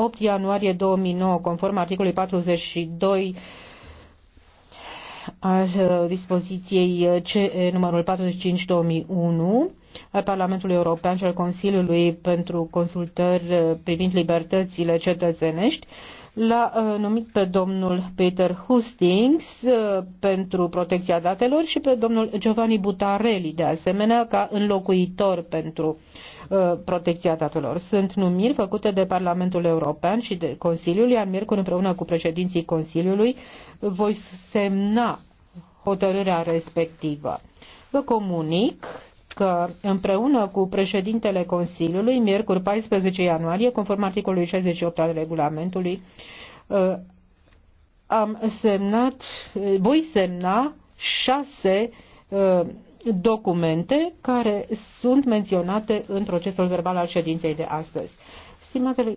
8 ianuarie 2009, conform articolului 42 al uh, dispoziției C, numărul 45-2001, al Parlamentului European și al Consiliului pentru consultări uh, privind libertățile cetățenești, l-a uh, numit pe domnul Peter Hustings uh, pentru protecția datelor și pe domnul Giovanni Butarelli, de asemenea, ca înlocuitor pentru protecția datelor. Sunt numiri făcute de Parlamentul European și de Consiliul, iar miercuri împreună cu președinții Consiliului voi semna hotărârea respectivă. Vă comunic că împreună cu președintele Consiliului, miercuri 14 ianuarie, conform articolului 68 al regulamentului, uh, am semnat, uh, voi semna șase uh, documente care sunt menționate în procesul verbal al ședinței de astăzi. Stimatele